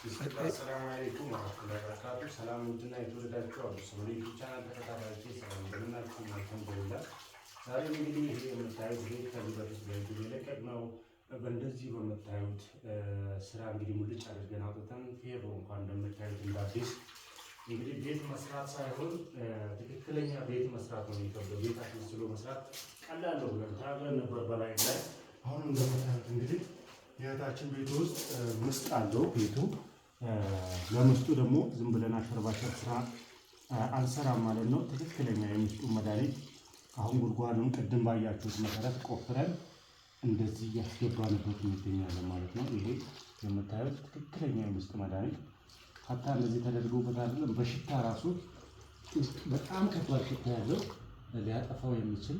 አሰላሙ አለይኩም ወራህመቱላሂ ወበረካቱ። ሰላም ውድና የተወደዳችሁ ዩቲዩብ ቻናል ተከታታዮች ሰላም እንደምናችሁ። አልሐምዱሊላህ ዛሬም እንግዲህ የምታዩት ይሄ ከዚህ በፊት በዩቲዩብ የለቀቅ ነው። በእንደዚህ በምታዩት ስራ እንግዲህ ሙልጭ አድርገን አውጥተን ፌሮ እንኳን እንደምታዩት እንደ እንግዲህ ቤት መስራት ሳይሆን ትክክለኛ ቤት መስራት ነው የሚከብደው። ቤት አስመስሎ መስራት ቀላል ነው ብለን ተናግረን ነበር በላይ ላይ። አሁን እንደምታዩት እንግዲህ የእህታችን ቤት ውስጥ ምስጥ አለው ቤቱ ለምስጡ ደግሞ ዝም ብለን አሸርባሸር ስራ አንሰራም ማለት ነው። ትክክለኛ የምስጡ መድኃኒት አሁን ጉድጓዱን ቅድም ባያችሁት መሰረት ቆፍረን እንደዚህ እያስገባንበት እንገኛለን ማለት ነው። ይሄ የምታዩት ትክክለኛ የምስጥ መድኃኒት ሀታ እንደዚህ ተደርጎበት አይደለም። በሽታ ራሱ በጣም ከባድ ሽታ ያለው ሊያጠፋው የሚችል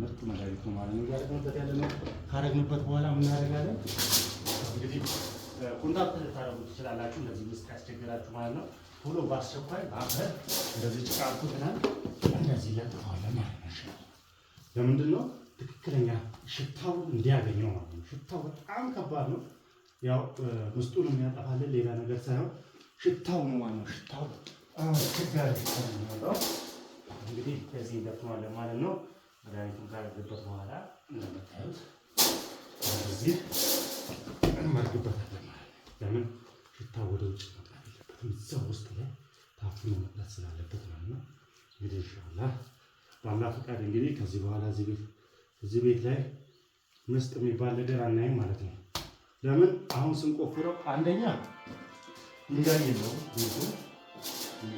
ምርጥ መድኃኒት ነው ማለት ነው። እያደረግንበት ያለ ነው። በኋላ ምናደርጋለን እንግዲህ ኮንታክት ልታደርጉት ትችላላችሁ። እንደዚህ ምስ ያስቸግራችሁ ማለት ነው። ቶሎ በአስቸኳይ በአፈር እንደዚህ ጭቃ አርጉትናል። እንደዚህ እያጠፋዋለን ማለት ነው። ለምንድን ነው ትክክለኛ ሽታው እንዲያገኘው ማለት ነው። ሽታው በጣም ከባድ ነው። ያው ምስጡን የሚያጠፋልን ሌላ ነገር ሳይሆን ሽታው ነው ማለት ነው። ሽታው ችግር ነው። እንግዲህ ከዚህ እንደፍነዋለን ማለት ነው። መድኃኒቱን ካረግበት በኋላ እንደምታዩት እዚህ እንመርግበታል። እዛ ውስጥ ላይ ታፍኖ መቅረት ስላለበት ነው። እና እንግዲህ ኢንሻላህ ባላ ፈቃድ እንግዲህ ከዚህ በኋላ እዚህ ቤት ላይ ምስጥ የሚባል ነገር አናይም ማለት ነው። ለምን አሁን ስንቆፍረው አንደኛ ድንጋይ የለውም ቤቱ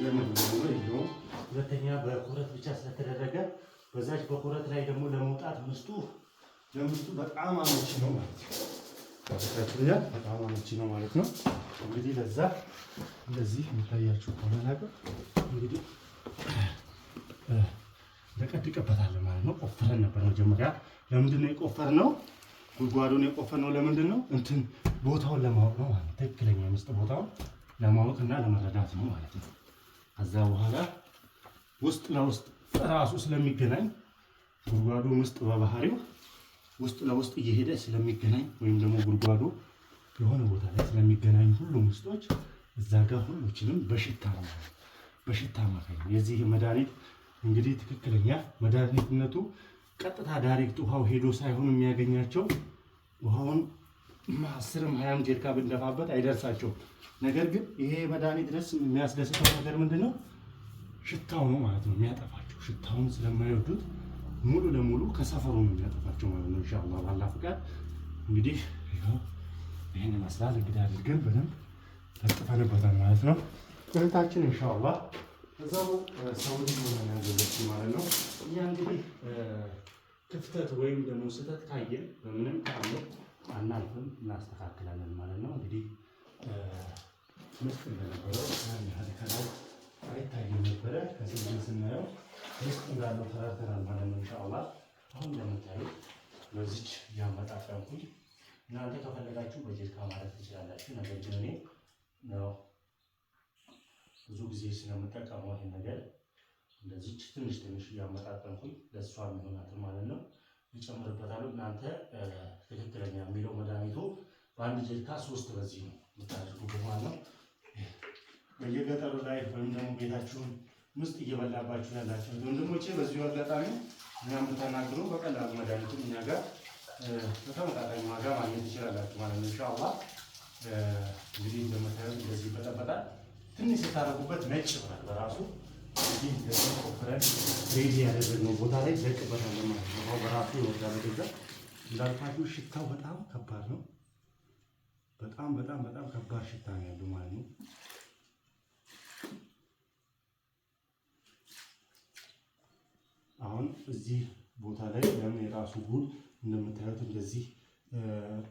የለውም፣ ሁለተኛ በኩረት ብቻ ስለተደረገ በዛች በኩረት ላይ ደግሞ ለመውጣት ምስጡ ለምስጡ በጣም አመቺ ነው ማለት ነው። በጣም አመቺ ነው ማለት ነው እንግዲህ ለዛ እንደዚህ የሚታያችሁ ከሆነ ነገር እንግዲህ ለቀድ ማለት ነው። ቆፍረን ነበር መጀመሪያ። ለምንድን ነው የቆፈርነው? ጉድጓዱን የቆፈርነው ለምንድን ነው? እንትን ቦታውን ለማወቅ ነው ማለት ትክክለኛ የምስጥ ቦታውን ለማወቅ እና ለመረዳት ነው ማለት ነው። ከዛ በኋላ ውስጥ ለውስጥ ራሱ ስለሚገናኝ ጉድጓዱ ውስጥ በባህሪው ውስጥ ለውስጥ እየሄደ ስለሚገናኝ ወይም ደግሞ ጉድጓዱ የሆነ ቦታ ላይ ስለሚገናኝ ሁሉም ውስጦች እዛ ጋር ሁሎችንም በሽታ ነው በሽታ ማካኝ የዚህ መድኃኒት እንግዲህ ትክክለኛ መድኃኒትነቱ ቀጥታ ዳይሬክት ውሃው ሄዶ ሳይሆን የሚያገኛቸው ውሃውን አስርም ሀያም ጀሪካ ብንደፋበት አይደርሳቸውም። ነገር ግን ይሄ መድኃኒት ደስ የሚያስደስተው ነገር ምንድን ነው? ሽታው ነው ማለት ነው የሚያጠፋቸው። ሽታውን ስለማይወዱት ሙሉ ለሙሉ ከሰፈሩ ነው የሚያጠፋቸው ማለት ነው። ኢንሻአላህ ባላ ፍቃድ እንግዲህ ይህን ይመስላል እንግዲህ አድርገን በደንብ ለጥፈንበታል ማለት ነው። እህታችን እንሻላ እዛው ሰው ሆነን ያዘለች ማለት ነው። እኛ እንግዲህ ክፍተት ወይም ደግሞ ስህተት ካየን በምንም ካለ አናልፍም፣ እናስተካክላለን ማለት ነው። እንግዲህ ምስጥ እንደነበረው ከላይ አይታየም ነበረ። ከዚህ ስናየው ምስጥ እንዳለው ተራርተናል ማለት ነው። እንሻላ አሁን እንደምታዩት በዚች ያመጣጠንኩኝ እናንተ ከፈለጋችሁ በጀልካ ማለት ትችላላችሁ። ነገር ግን እኔ ነው። ብዙ ጊዜ ስለምጠቀመው ነገር እንደዚች ትንሽ ትንሽ እያመጣጠንኩኝ ለእሷ የሚሆናትን ማለት ነው ይጨምርበታሉ። እናንተ ትክክለኛ የሚለው መድኃኒቱ በአንድ ጀልካ ሶስት በዚህ ነው የምታደርጉ ማለት ነው። በየገጠሩ ላይ ወይም ደግሞ ቤታችሁን ውስጥ እየበላባችሁ ያላቸው ወንድሞቼ፣ በዚሁ አጋጣሚ እኛም ብታናግሩ በቀላሉ መድኃኒቱን እኛ ጋር በተመጣጣኝ ዋጋ ማግኘት ይችላላችሁ ማለት ነው ኢንሻአላህ። እንግዲህ እንደምታዩት እንደዚህ ይበጠበጣል። ትንሽ ስታረጉበት ነጭ ይሆናል። በራሱ እንግዲህ ቆፍረን ሬዲ ያደረግነው ቦታ ላይ ደቅበታል ማለት ነው። በራሱ ይወርዳል። ገዛ እንዳልኳችሁ ሽታው በጣም ከባድ ነው። በጣም በጣም በጣም ከባድ ሽታ ነው ያለው ማለት ነው። አሁን እዚህ ቦታ ላይ ለምን የራሱ ጉል እንደምታዩት እንደዚህ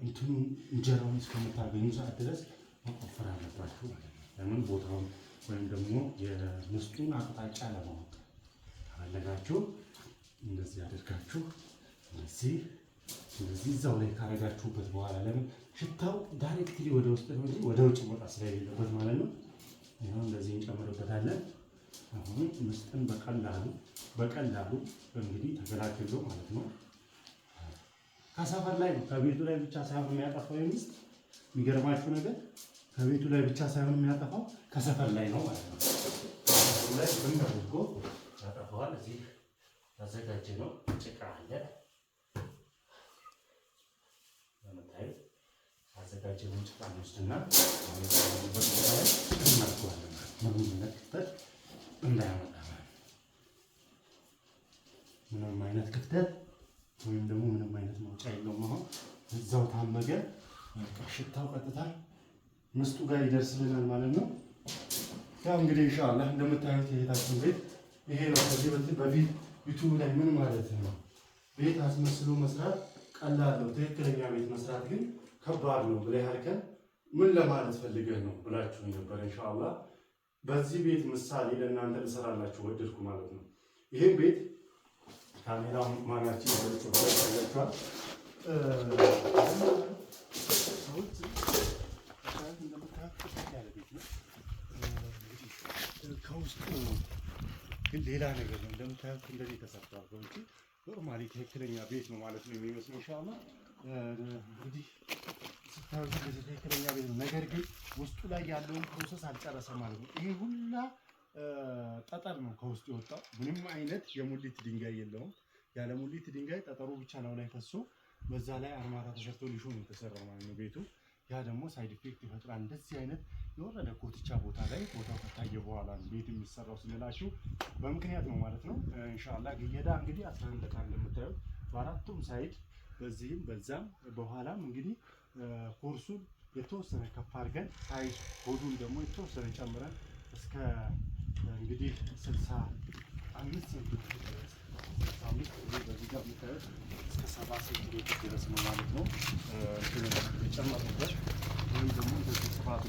እንትኑ እንጀራውን እስከምታገኙ ሰዓት ድረስ መቆፈር አለባችሁ ማለት ነው። ለምን ቦታውን ወይም ደግሞ የምስጡን አቅጣጫ ለማወቅ ከፈለጋችሁ እንደዚህ አድርጋችሁ እንደዚህ እንደዚህ እዛው ላይ ካረጋችሁበት በኋላ ለምን ሽታው ዳይሬክትሊ ወደ ውስጥ ነው እንጂ ወደ ውጭ ቦታ ስለሌለበት ማለት ነው። ይኸው እንደዚህ እንጨምርበታለን። አሁን ምስጥን በቀላሉ በቀላሉ እንግዲህ ተገላግሎ ማለት ነው ከሰፈር ላይ ከቤቱ ላይ ብቻ ሳይሆን የሚያጠፋው ምስጥ የሚገርማችሁ ነገር ከቤቱ ላይ ብቻ ሳይሆን የሚያጠፋው ከሰፈር ላይ ነው ማለት ነው። ላይ ምን አድርጎ ያጠፋዋል? እዚህ ያዘጋጀ ነው ጭቃ አለ ለምታዩ ያዘጋጀ ነው ጭቃ ውስድና እናርገዋለን ምግብነት ክፍተት እንዳያመጣ ምንም አይነት ክፍተት ወይም ደግሞ ምንም አይነት መውጫ የለውም። አሁን እዛው ታመገ ሽታው ቀጥታል ምስጡ ጋር ይደርስልናል ማለት ነው። ያው እንግዲህ ኢንሻአላህ እንደምታዩት የቤታችን ቤት ይሄ ነው። ከዚህ በፊት በፊት ዩቱብ ላይ ምን ማለት ነው ቤት አስመስሎ መስራት ቀላል ነው፣ ትክክለኛ ቤት መስራት ግን ከባድ ነው ብለህ ያልከን ምን ለማለት ፈልገህ ነው ብላችሁ ነበር። ኢንሻአላህ በዚህ ቤት ምሳሌ ለእናንተ ልሰራላችሁ ወደድኩ ማለት ነው። ይሄን ቤት ካሜራ ማናችን ያለችው ከውስጡ ግን ሌላ ነገር ነው እንደምታዩት፣ እንደዚህ ተሰርቷል። ከውጭ ኖርማሊ ትክክለኛ ቤት ነው ማለት ነው የሚመስለው ሻማ እንግዲህ ስታዩት ትክክለኛ ቤት ነው። ነገር ግን ውስጡ ላይ ያለውን ፕሮሰስ አልጨረሰም ማለት ነው። ይሄ ሁላ ጠጠር ነው ከውስጡ የወጣው። ምንም አይነት የሙሊት ድንጋይ የለውም። ያለ ሙሊት ድንጋይ ጠጠሩ ብቻ ነው ላይ ፈሶ፣ በዛ ላይ አርማታ ተሰርቶ ሊሾ ነው የተሰራው ማለት ነው ቤቱ ያ ደግሞ ሳይድ ኢፌክት ይፈጥራል። እንደዚህ አይነት የወረደ ኮትቻ ቦታ ላይ ቦታው ከታየ በኋላ ቤት የሚሰራው ስንላችሁ በምክንያት ነው ማለት ነው። እንሻላ ግየዳ እንግዲህ አስራ አንድ ዕቃ እንደምታዩት በአራቱም ሳይድ በዚህም በዛም በኋላም እንግዲህ ኮርሱን የተወሰነ ከፍ አድርገን ሳይድ ሆዱን ደግሞ የተወሰነ ጨምረን እስከ እንግዲህ ስልሳ አምስት ሴንቲሜትር ድረስ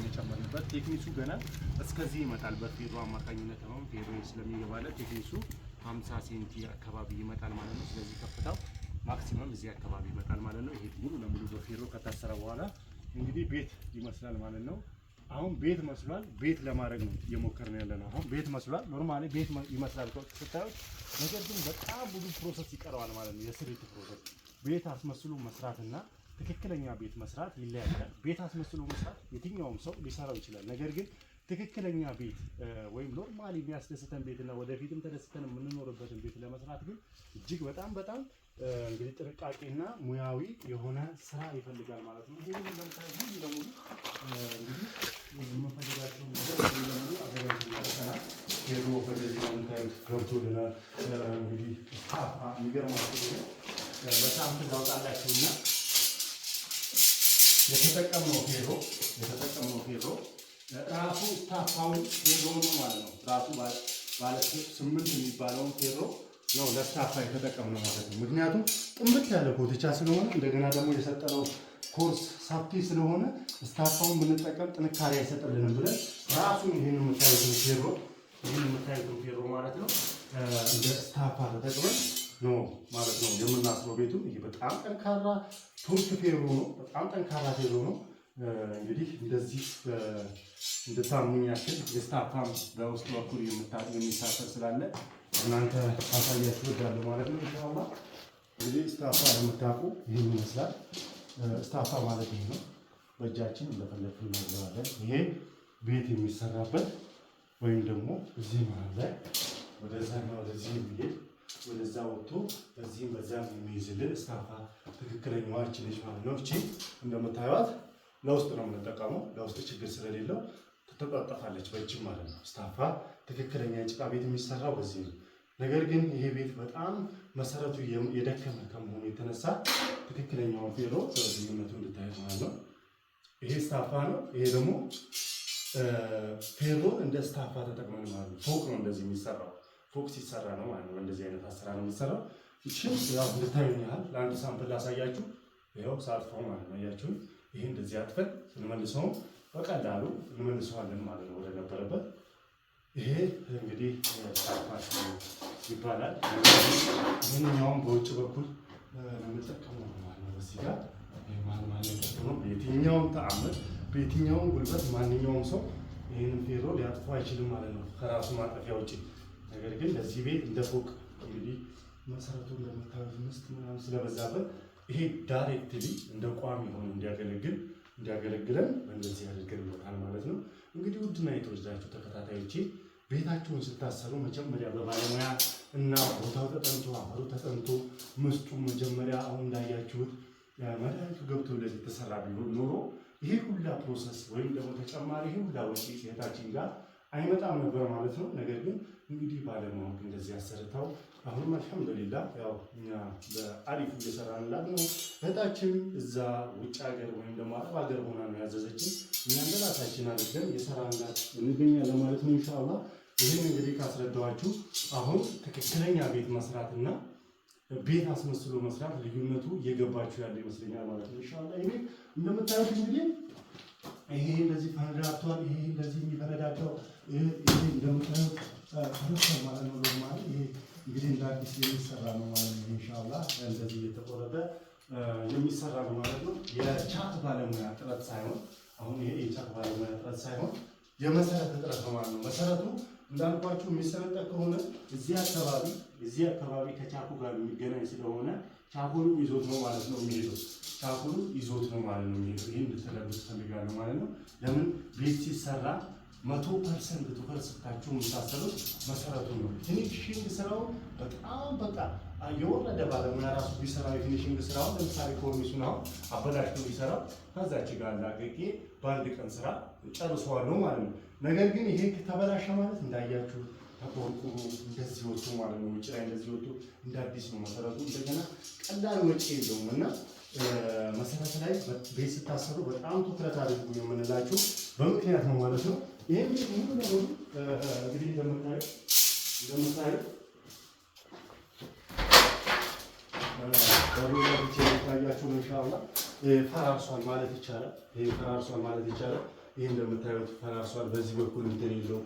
የጨመርንበት ቴክኒሱ ገና እስከዚህ ይመጣል። በፌሮ አማካኝነት አሁን ፌሮ ስለሚገባለ ቴክኒሱ 50 ሴንቲ አካባቢ ይመጣል ማለት ነው። ስለዚህ ከፍታው ማክሲመም እዚህ አካባቢ ይመጣል ማለት ነው። ይሄ ሙሉ ለሙሉ በፌሮ ከታሰረ በኋላ እንግዲህ ቤት ይመስላል ማለት ነው። አሁን ቤት መስሏል። ቤት ለማድረግ ነው እየሞከርን ያለ ነው። አሁን ቤት መስሏል። ኖርማሊ ቤት ይመስላል ስታዩት፣ ነገር ግን በጣም ብዙ ፕሮሰስ ይቀረዋል ማለት ነው። የስሪት ፕሮሰስ ቤት አስመስሎ መስራትና ትክክለኛ ቤት መስራት ይለያያል። ቤት አስመስሎ መስራት የትኛውም ሰው ሊሰራው ይችላል። ነገር ግን ትክክለኛ ቤት ወይም ኖርማሊ የሚያስደስተን ቤትና ወደፊትም ተደስተን የምንኖርበትን ቤት ለመስራት ግን እጅግ በጣም በጣም እንግዲህ ጥንቃቄና ሙያዊ የሆነ ስራ ይፈልጋል ማለት ነው። ይህ ለምሳሌ ሙሉ ለሙሉ የምንፈልጋቸው ሄዶ ወደዚህ ለምታዩት ገብቶልናል። እንግዲህ የሚገርማቸው በሳምንት አውጣላችሁና የተጠቀምነው ፌሮ የተጠቀምነው ፌሮ ራሱ ታፋውን ፌሮ ነው ማለት ነው። ራሱ ባለ ስምንት የሚባለውን ፌሮ ነው ለስታፋ የተጠቀምነው ማለት ነው። ምክንያቱም ጥምብት ያለ ኮትቻ ስለሆነ እንደገና ደግሞ የሰጠነው ኮርስ ሰፊ ስለሆነ ስታፋውን ብንጠቀም ጥንካሬ አይሰጥልንም ብለን ራሱን ይህን የምታዩትን ፌሮ ይህን የምታዩትን ፌሮ ማለት ነው እንደ ስታፋ ተጠቅመን ነው ማለት ነው የምናስበው። ቤቱ ይህ በጣም ጠንካራ ቱርክ ፌሮ ነው። በጣም ጠንካራ ፌሮ ነው። እንግዲህ እንደዚህ እንድታሙኝ ያክል የስታፋም በውስጥ በኩል የሚታሰር ስላለ እናንተ አሳያችሁ እወዳለሁ ማለት ነው። ኢንሻአላ እንግዲህ ስታፋ የምታውቁ ይህን ይመስላል። ስታፋ ማለት ይሄ ነው። በእጃችን እንደፈለግን እናገባለን። ይሄ ቤት የሚሰራበት ወይም ደግሞ እዚህ መሀል ላይ ወደዛና ወደዚህ የሚሄድ ወደዛ ወጥቶ በዚህም በዛም የሚይዝልን ስታፋ ትክክለኛዋ እች ማለት ነው። እቺ እንደምታዩት ለውስጥ ነው የምንጠቀመው። ለውስጥ ችግር ስለሌለው ትጠጠፋለች በእጅም ማለት ነው። ስታፋ ትክክለኛ የጭቃ ቤት የሚሰራው በዚህ ነው። ነገር ግን ይሄ ቤት በጣም መሰረቱ የደከመ ከመሆኑ የተነሳ ትክክለኛው ፌሮ ስለዚህነቱ እንድታይ ማለት ነው። ይሄ ስታፋ ነው። ይሄ ደግሞ ፌሮ እንደ ስታፋ ተጠቅመን ማለት ነው። ፎቅ ነው እንደዚህ የሚሰራው ፎቅ ሲሰራ ነው ማለት ነው። እንደዚህ አይነት አሰራር ነው የሚሰራው። እችን ያው እንድታዩ ያህል ለአንድ ሳምፕል ላሳያችሁ። ይኸው ሳጥፈው ማለት ነው። አያችሁን? ይህ እንደዚህ አጥፈን ስንመልሰውም በቀላሉ እንመልሰዋለን ማለት ነው ወደ ነበረበት ይሄ እንግዲህ ሳፓስ ይባላል። ይህኛውም በውጭ በኩል የምጠቀመው ማለት ነው። በዚህ ጋር ማንማጠቀመው በየትኛውም ተአምር በየትኛውም ጉልበት ማንኛውም ሰው ይህንም ፌሮ ሊያጥፎ አይችልም ማለት ነው ከራሱ ማጠፊያ ውጭ። ነገር ግን ለዚህ ቤት እንደ ፎቅ እንግዲህ መሰረቱ እንደምታዩት ምስጥ ምናምን ስለበዛበት ይሄ ዳይሬክትሊ እንደ ቋሚ ሆኖ እንዲያገለግል እንዲያገለግለን በእንደዚህ አድርገን ይወጣል ማለት ነው። እንግዲህ ውድና የተወደዳችሁ ተከታታዮቼ ቤታችሁን ስታሰሩ መጀመሪያ በባለሙያ እና ቦታው ተጠንቶ አፈሩ ተጠንቶ ምስጡ መጀመሪያ አሁን እንዳያችሁት መድኃኒቱ ገብቶ እንደዚህ የተሰራ ቢሆን ኖሮ ይሄ ሁላ ፕሮሰስ ወይም ደግሞ ተጨማሪ ይሄ ሁላ ወጪ ከቤታችን ጋር አይመጣም ነበር ማለት ነው። ነገር ግን እንግዲህ ባለማወቅ እንደዚህ አሰርተው አሁንም አልሐምዱሊላ ያው እኛ በአሪፍ እየሰራንላት ነው። እህታችን እዛ ውጭ ሀገር ወይም ደግሞ አረብ ሀገር ሆና ነው ያዘዘችን። እኛ እንደራሳችን አድርገን የሰራንላት እንገኛለን ማለት ነው ኢንሻአላ። ይህን እንግዲህ ካስረዳኋችሁ አሁን ትክክለኛ ቤት መስራትና ቤት አስመስሎ መስራት ልዩነቱ እየገባችሁ ያለ ይመስለኛል ማለት ነው ኢንሻአላ። ይህ እንደምታዩት እንግዲህ ይሄ እንደዚህ ፈረዳ ይሄ እንደዚህ የሚፈረዳቸው ይሄ እንደምታዩት ተረፈ ማለት ነው። ኖርማል ይሄ እንግዲህ እንደ አዲስ የሚሰራ ነው ማለት ነው። ኢንሻአላህ እንደዚህ እየተቆረጠ የሚሰራ ነው ማለት ነው። የቻክ ባለሙያ ጥረት ሳይሆን አሁን ይሄ የቻክ ባለሙያ ጥረት ሳይሆን የመሰረት ጥረት ነው ማለት ነው። መሰረቱ እንዳልኳችሁ የሚሰነጠቅ ከሆነ እዚህ አካባቢ እዚህ አካባቢ ከቻኩ ጋር የሚገናኝ ስለሆነ ቻኮሉ ይዞት ነው ማለት ነው የሚሄደው። ቻኮሉ ይዞት ነው ማለት ነው የሚሄደው። ይህን እንድትረዱት ፈልጋለሁ ማለት ነው። ለምን ቤት ሲሰራ መቶ ፐርሰንት ትኩረት ስታችሁ የምታሰሩት መሰረቱ ነው። ፊኒሽንግ ስራውን በጣም በቃ የወረደ ባለሙያ ራሱ ቢሰራው የፊኒሽንግ ስራውን ለምሳሌ ኮርኒሱን አሁን አበላሽቶ ቢሰራው ከዛች ጋር ላቀቄ በአንድ ቀን ስራ ጨርሰዋለሁ ማለት ነው። ነገር ግን ይሄ ከተበላሸ ማለት እንዳያችሁት ከፎቁ እንደዚህ ወጡ ማለት ነው። ውጭ ላይ እንደዚህ ወጡ እንደ አዲስ ነው መሰረቱ። እንደገና ቀላል ወጪ የለውም እና መሰረት ላይ ቤት ስታሰሩ በጣም ትኩረት አድርጉ የምንላችሁ በምክንያት ነው ማለት ነው። ይህም ሙሉ ለሙሉ እንግዲህ እንደምታዩት በዶላሮች የሚታያቸው ኢንሻላህ ፈራርሷል ማለት ይቻላል። ይህ ፈራርሷል ማለት ይቻላል። ይህ እንደምታዩት ፈራርሷል። በዚህ በኩል እንትን የለው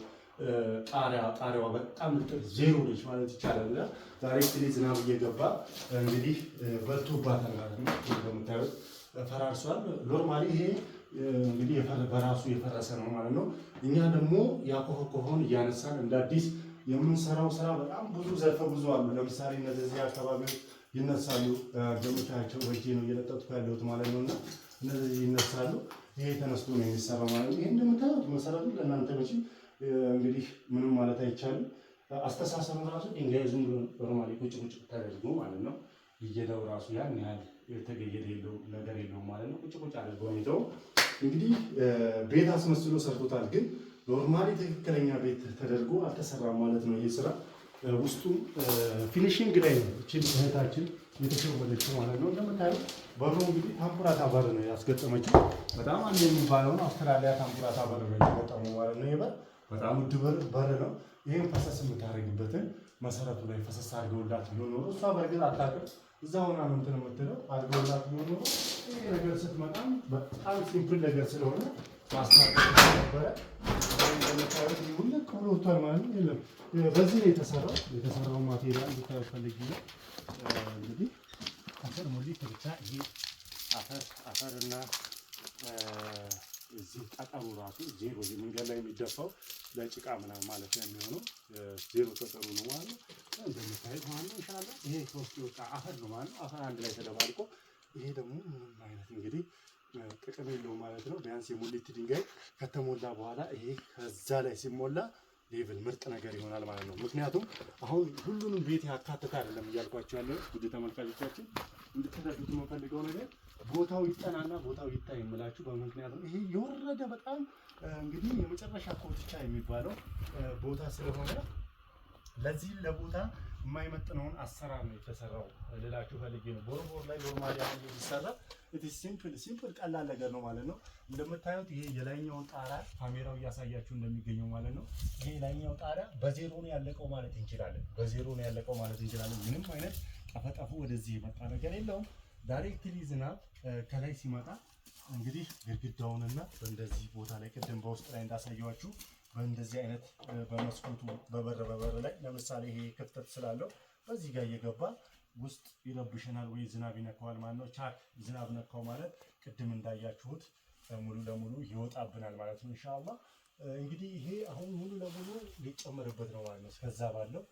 ጣሪያ ጣሪያዋ በጣም ልጥር ዜሮ ነች ማለት ይቻላል። እና ዛሬ እንግዲህ ዝናብ እየገባ እንግዲህ በልቶባታል ማለት ነው። እንደምታዩት ፈራርሷል። ኖርማሊ ይሄ እንግዲህ በራሱ የፈረሰ ነው ማለት ነው። እኛ ደግሞ ያኮፈኮፈውን እያነሳን እንደ አዲስ የምንሰራው ስራ በጣም ብዙ ዘርፈ ብዙ አሉ። ለምሳሌ እነዚህ አካባቢዎች ይነሳሉ። ገምታቸው በእጄ ነው እየለጠጥኩ ያለሁት ማለት ነው። እና እነዚህ ይነሳሉ። ይሄ ተነስቶ ነው የሚሰራው ማለት ነው። ይህ እንደምታዩት መሰረቱ ለእናንተ መቼም እንግዲህ ምንም ማለት አይቻልም። አስተሳሰብ ራሱ ድንጋይ ዝም ብሎ ኖርማሊ ቁጭ ቁጭ ተደርጎ ማለት ነው። እየለው ራሱ ያን ያህል የተገየደ የለው ነገር የለው ማለት ነው። ቁጭ ቁጭ አድርጎ ሁኔታው እንግዲህ ቤት አስመስሎ ሰርቶታል፣ ግን ኖርማሊ ትክክለኛ ቤት ተደርጎ አልተሰራም ማለት ነው። ይህ ስራ ውስጡ ፊኒሽንግ ላይ ነው። እችን እህታችን የተሸወደችው ማለት ነው። እንደምታየው በሩ እንግዲህ ታምፑራታ በር ነው ያስገጠመችው። በጣም አንድ የሚባለውን አውስትራሊያ ታምፑራታ በር ነው የተገጠመው ማለት ነው ይበር በጣም ውድ በር ነው። ይህን ፈሰስ የምታደርግበትን መሰረቱ ላይ ፈሰስ አድርገውላት ቢሆን ኖሮ እሷ በእርግጥ አታውቅም። እዛ ሆና ነው እንትን የምትለው አድርገውላት ቢሆን ኖሮ ይህ ነገር ስትመጣም በጣም ሲምፕል ነገር ስለሆነ ማስታወቅ ነበረ። ማለት የለም። በዚህ ነው የተሰራው። የተሰራው ማቴሪያል ብታፈልግ ነው እንግዲህ አፈር ሙሊት ብቻ ይሄ አፈር አፈርና እዚህ ጠጠሩ ራሱ ዜሮ መንገድ ላይ የሚደፋው ለጭቃ ምናምን ማለት ነው የሚሆነው ዜሮ ተጠሩ ነው ማለት ነው። እንደምታዩት ማለት ነው ይሻለ። ይሄ ከውስጥ የወጣ አፈር ነው ማለት ነው። አፈር አንድ ላይ ተደባልቆ ይሄ ደግሞ ምንም አይነት እንግዲህ ጥቅም የለው ማለት ነው። ቢያንስ የሙሊት ድንጋይ ከተሞላ በኋላ ይሄ ከዛ ላይ ሲሞላ ሌቭል ምርጥ ነገር ይሆናል ማለት ነው። ምክንያቱም አሁን ሁሉንም ቤት ያካተተ አይደለም እያልኳቸው ያለ ውድ ተመልካቾቻችን እንድትረዱት የምፈልገው ነገር ቦታው ይጠናና ቦታው ይታይ የምላችሁ በምክንያት ነው። ይሄ የወረደ በጣም እንግዲህ የመጨረሻ ኮትቻ የሚባለው ቦታ ስለሆነ ለዚህ ለቦታ የማይመጥነውን አሰራር ነው የተሰራው ልላችሁ ፈልጌ ነው። ቦርቦር ላይ ኖርማል የሚሰራ ሲምፕል ሲምፕል ቀላል ነገር ነው ማለት ነው። እንደምታዩት ይሄ የላይኛውን ጣራ ካሜራው እያሳያችሁ እንደሚገኘው ማለት ነው። ይሄ የላይኛው ጣራ በዜሮ ነው ያለቀው ማለት እንችላለን። በዜሮ ነው ያለቀው ማለት እንችላለን። ምንም አይነት ጠፈጠፉ ወደዚህ የመጣ ነገር የለውም። ዳይሬክትሊ ዝናብ ከላይ ሲመጣ እንግዲህ ግድግዳውንና በእንደዚህ ቦታ ላይ ቅድም በውስጥ ላይ እንዳሳየዋችሁ በእንደዚህ አይነት በመስኮቱ በበር በበር ላይ ለምሳሌ ይሄ ክፍተት ስላለው በዚህ ጋር እየገባ ውስጥ ይረብሸናል ወይ ዝናብ ይነካዋል ማለት ነው። ቻክ ዝናብ ነካው ማለት ቅድም እንዳያችሁት ሙሉ ለሙሉ ይወጣብናል ማለት ነው። ኢንሻአላህ እንግዲህ ይሄ አሁን ሙሉ ለሙሉ ሊጨመርበት ነው ማለት ነው። እስከዛ ባለው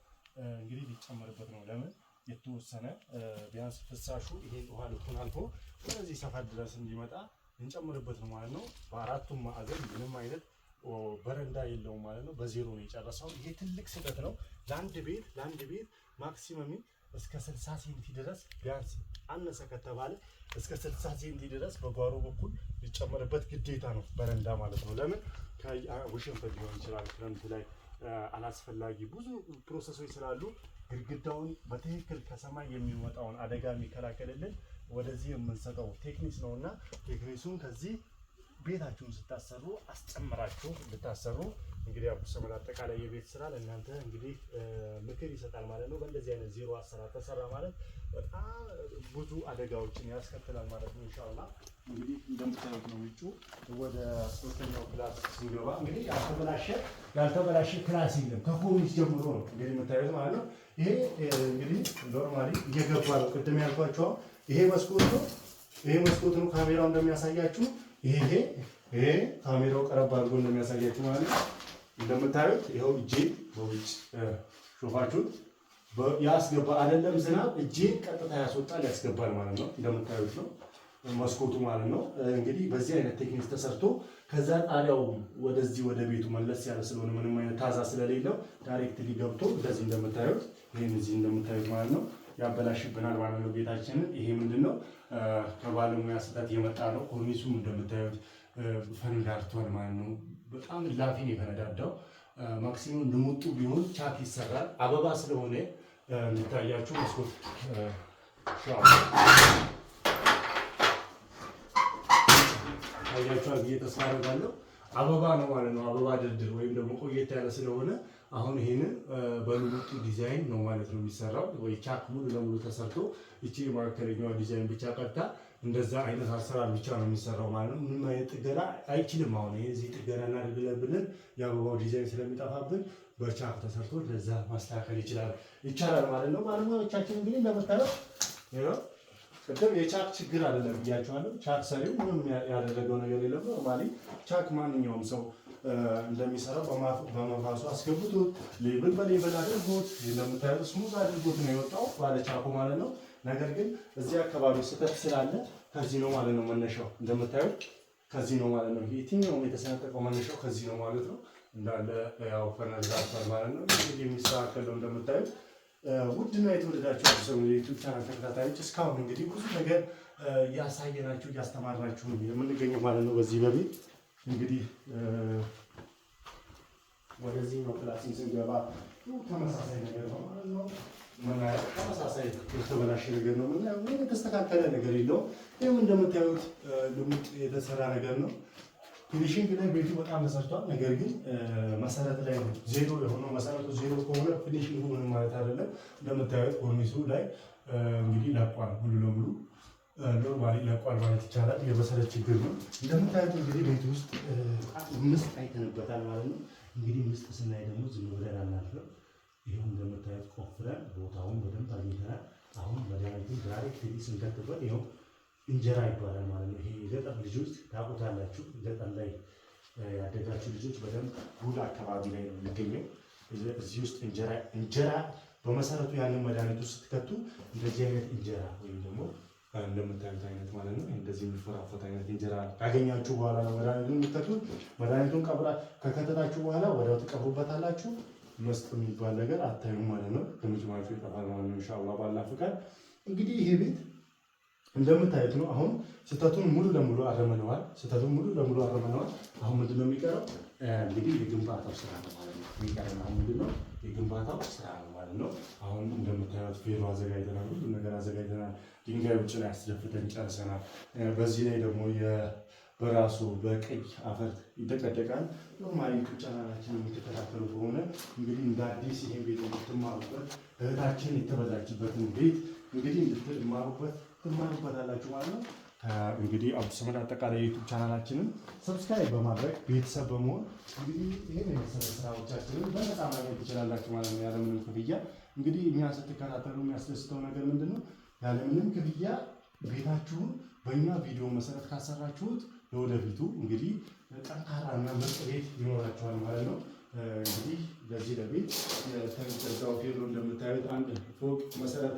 እንግዲህ ሊጨመርበት ነው ለምን የተወሰነ ቢያንስ ፍሳሹ ይሄን ውሃ ልኩን አልፎ ወደዚህ ሰፈር ድረስ እንዲመጣ እንጨምርበት ነው ማለት ነው። በአራቱም ማዕዘን ምንም አይነት በረንዳ የለውም ማለት ነው። በዜሮ ነው የጨረሰው። ይሄ ትልቅ ስህተት ነው። ለአንድ ቤት ለአንድ ቤት ማክሲመሚ እስከ 60 ሴንቲ ድረስ ቢያንስ አነሰ ከተባለ እስከ 60 ሴንቲ ድረስ በጓሮ በኩል ሊጨመርበት ግዴታ ነው በረንዳ ማለት ነው። ለምን ውሽንፈት ሊሆን ይችላል ክረምት ላይ አላስፈላጊ ብዙ ፕሮሰሶች ስላሉ ግድግዳውን በትክክል ከሰማይ የሚወጣውን አደጋ የሚከላከልልን ወደዚህ የምንሰጠው ቴክኒክ ነው እና ቴክኒሱን ከዚህ ቤታችሁን ስታሰሩ አስጨምራችሁ እንድታሰሩ እንግዲህ አቡ ሰመድ አጠቃላይ የቤት ስራ ለእናንተ እንግዲህ ምክር ይሰጣል ማለት ነው። በእንደዚህ አይነት ዜሮ አሰራር ተሰራ ማለት በጣም ብዙ አደጋዎችን ያስከትላል ማለት ነው። ኢንሻአላ እንግዲህ እንደምታዩት ነው። ውጩ ወደ ሶስተኛው ክላስ ሲገባ እንግዲህ ያልተበላሸ ያልተበላሸ ክላስ የለም ከኮሚስ ጀምሮ ነው እንግዲህ የምታዩት ማለት ነው። ይሄ እንግዲህ ኖርማሊ እየገባ ነው። ቅድም ያልኳቸው ይሄ መስኮት ነው። ይሄ መስኮት ነው ካሜራው እንደሚያሳያችሁ። ይሄ ይሄ ካሜራው ቀረብ አድርጎ እንደሚያሳያችሁ ማለት እንደምታዩት ይኸው እጄ በውጭ ሾፋችሁት ያስገባ አይደለም ዝናብ እጄ ቀጥታ ያስወጣል ያስገባል ማለት ነው። እንደምታዩት ነው መስኮቱ ማለት ነው። እንግዲህ በዚህ አይነት ቴክኒክ ተሰርቶ ከዛ ጣሪያው ወደዚህ ወደ ቤቱ መለስ ያለ ስለሆነ ምንም አይነት ታዛ ስለሌለው ዳይሬክትሊ ገብቶ እንደዚህ እንደምታዩት ይህን እዚህ እንደምታዩት ማለት ነው ያበላሽብናል ማለት ነው ቤታችንን። ይሄ ምንድን ነው ከባለሙያ ስጠት የመጣ ነው። ኮርኒሱም እንደምታዩት ፈንዳርቷል ማለት ነው። በጣም ላፊን የፈነዳዳው ማክሲሙም ልሙጡ ቢሆን ቻክ ይሰራል። አበባ ስለሆነ የሚታያችሁ መስኮት ታያችኋል ብዬ ተስፋ አደርጋለሁ። አበባ ነው ማለት ነው። አበባ ድርድር ወይም ደግሞ ቆየት ያለ ስለሆነ አሁን ይህንን በልውጡ ዲዛይን ነው ማለት ነው የሚሰራው። ወይ ቻክ ሙሉ ለሙሉ ተሰርቶ እቺ የመካከለኛዋ ዲዛይን ብቻ ቀጥታ እንደዛ አይነት አሰራር ብቻ ነው የሚሰራው ማለት ነው። ምንም አይነት ጥገና አይችልም። አሁን ይህ እዚህ ጥገና እናደርግለን ብለን የአበባው ዲዛይን ስለሚጠፋብን በቻክ ተሰርቶ ለዛ ማስተካከል ይችላል ይቻላል ማለት ነው። ባለሙያዎቻችን እንግዲህ እንደምታየው ቅድም የቻክ ችግር አይደለም ብያቸዋለሁ። ቻክ ሰሪው ምንም ያደረገው ነገር የለም። ኖርማሊ ቻክ ማንኛውም ሰው እንደሚሰራው በመፋሱ አስገብቶት ሌብል በሌብል አድርጎት እንደምታዩት ስሙዝ አድርጎት ነው የወጣው ባለቻፉ ማለት ነው። ነገር ግን እዚህ አካባቢ ስህተት ስላለ ከዚህ ነው ማለት ነው መነሻው። እንደምታዩት ከዚህ ነው ማለት ነው። የትኛውም የተሰነጠቀው መነሻው ከዚህ ነው ማለት ነው። እንዳለ ያው ፈነዛፈር ማለት ነው የሚስተካከለው እንደምታዩት ውድና የተወደዳችሁ ሰው የዩቲዩብ ቻናል ተከታታዮች እስካሁን እንግዲህ ብዙ ነገር እያሳየናችሁ እያስተማርናችሁ የምንገኘው ማለት ነው በዚህ በቤት እንግዲህ ወደዚህ ነው ክላስን ስንገባ ተመሳሳይ ነገር ነው ማለት ነው። ተመሳሳይ የተበላሸ ነገር ነው ምን የተስተካከለ ነገር የለው። ይህም እንደምታዩት ልሙጥ የተሰራ ነገር ነው። ፊኒሽንግ ላይ ቤቱ በጣም ተሰርቷል። ነገር ግን መሰረት ላይ ነው ዜሮ የሆነው። መሰረቱ ዜሮ ከሆነ ፊኒሽንግ ምንም ማለት አይደለም። እንደምታዩት ኮርኒሱ ላይ እንግዲህ ለቋል ሙሉ ለሙሉ ኖርማሊ ለቋል ማለት ይቻላል። የበሰለ ችግር ነው። እንደምታዩት እንግዲህ ቤት ውስጥ ምስጥ አይተንበታል ማለት ነው። እንግዲህ ምስጥ ስናይ ደግሞ ዝም ብለን አናልፍም። ይህም እንደምታዩት ቆፍረን ቦታውን በደንብ አግኝተናል። አሁን መድኃኒቱን ዳይሬክት ስንከትበት ይኸው እንጀራ ይባላል ማለት ነው። ይሄ የገጠር ልጆች ታውቁታላችሁ። ገጠር ላይ ያደጋችሁ ልጆች በደንብ ጉድ አካባቢ ላይ ነው የሚገኘው። እዚህ ውስጥ እንጀራ እንጀራ በመሰረቱ ያንን መድኃኒቱ ስትከቱ እንደዚህ አይነት እንጀራ ወይም ደግሞ እንደምታዩት አይነት ማለት ነው። እንደዚህ የሚፈራፈት አይነት እንጀራ ካገኛችሁ በኋላ ነው መድኃኒቱን የምትከቱት። መድኃኒቱን ቀብራ ከከተታችሁ በኋላ ወዲያው ትቀብሩበታላችሁ። መስጥ የሚባል ነገር አታዩም ማለት ነው። ግምጅማችሁ ይጠፋል ማለት ነው። ኢንሻአላህ ባላ ፍቃድ እንግዲህ ይሄ ቤት እንደምታዩት ነው። አሁን ስህተቱን ሙሉ ለሙሉ አረመነዋል። ስህተቱን ሙሉ ለሙሉ አረመነዋል። አሁን ምንድነው የሚቀረው? እንግዲህ የግንባታው ስራ ነው ማለት ነው። የሚቀረው አሁን ምንድነው የግንባታው ስራ ነው ማለት ነው። አሁን እንደምታዩት ፌሮ አዘጋጅተናል፣ ሁሉ ነገር አዘጋጅተናል። ድንጋይ ውጭ ላይ አስደፍተን ጨርሰናል። በዚህ ላይ ደግሞ በራሱ በቀይ አፈር ይጠቀደቃል። ኖርማሊ ጫናችን የምትከታተሉ ከሆነ እንግዲህ እንደ አዲስ ይሄን ቤት የምትማሩበት እህታችን የተበላችበትን ቤት እንግዲህ እንድትማሩበት ትማሩበት አላችሁ ማለት ነው። እንግዲህ አብዱ ሰመድ አጠቃላይ ዩቱብ ቻናላችንን ሰብስክራይብ በማድረግ ቤተሰብ በመሆን እንግዲህ ይህን የመሰለ ስራዎቻችንን በነፃ ማግኘት ትችላላችሁ ማለት ነው፣ ያለምንም ክፍያ። እንግዲህ እኛ ስትከታተሉ የሚያስደስተው ነገር ምንድን ነው? ያለምንም ክፍያ ቤታችሁን በእኛ ቪዲዮ መሰረት ካሰራችሁት ለወደፊቱ እንግዲህ ጠንካራና ምርጥ ቤት ይኖራችኋል ማለት ነው። እንግዲህ ለዚህ ለቤት ተዛው ፌሎ እንደምታዩት አንድ ፎቅ መሰረት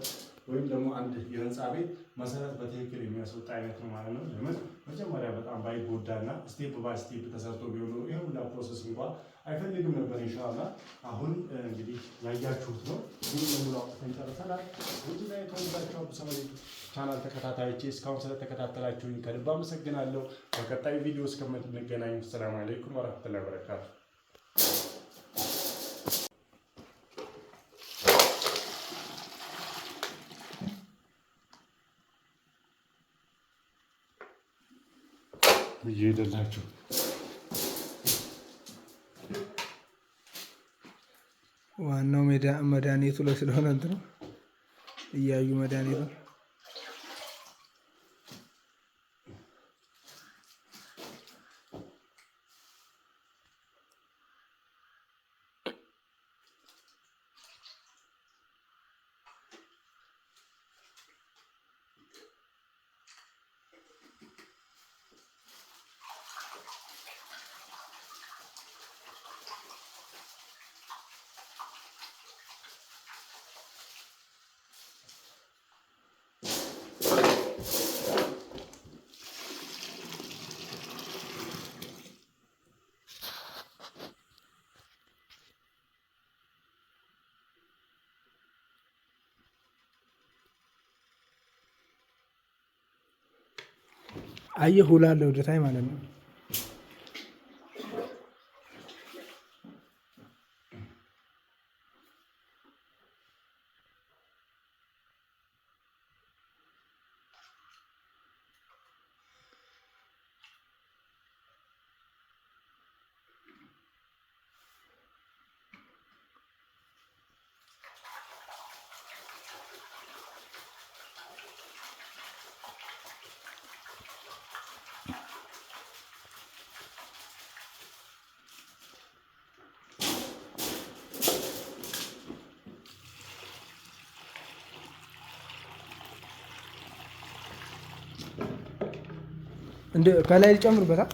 ወይም ደግሞ አንድ የህንፃ ቤት መሰረት በትክክል የሚያስወጣ አይነት ነው ማለት ነው። ለምን መጀመሪያ በጣም ባይጎዳና ስቴፕ ባይ ስቴፕ ተሰርቶ ቢሆን ኖሮ ይህ ሁላ ፕሮሰስ እንኳ አይፈልግም ነበር። ኢንሻላ አሁን እንግዲህ ያያችሁት ነው። ይህ ለሙሉ አውጥተን ጨርሰናል። ውድ ላይ ከሁላቸው ሰመሌቱ ቻናል ተከታታዮቼ እስካሁን ስለተከታተላችሁኝ ከልብ አመሰግናለሁ። በቀጣይ ቪዲዮ እስከምንገናኝ ሰላም አለይኩም ወረህመቱላሂ ወበረካቱ። እየሄደላችሁ ዋናው መድኃኒቱ ለስለሆነ እንትኑ እያዩ መድኃኒቱን አየሁ እላለሁ ወደ ታይ ማለት ነው። ከላይ ጨምርበታል።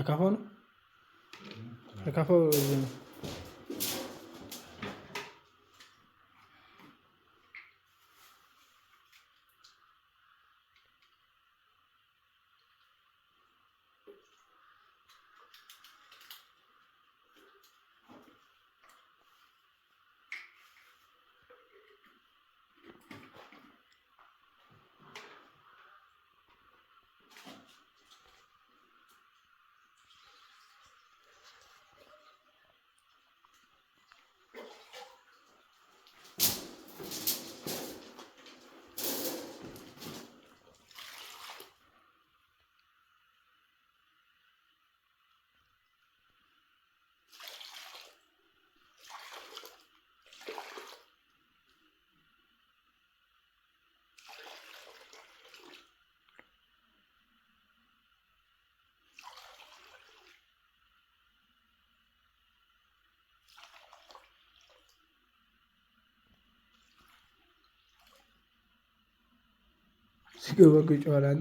አካፋው ነው አካፋው ሲገባ እኮ ይጮሃል።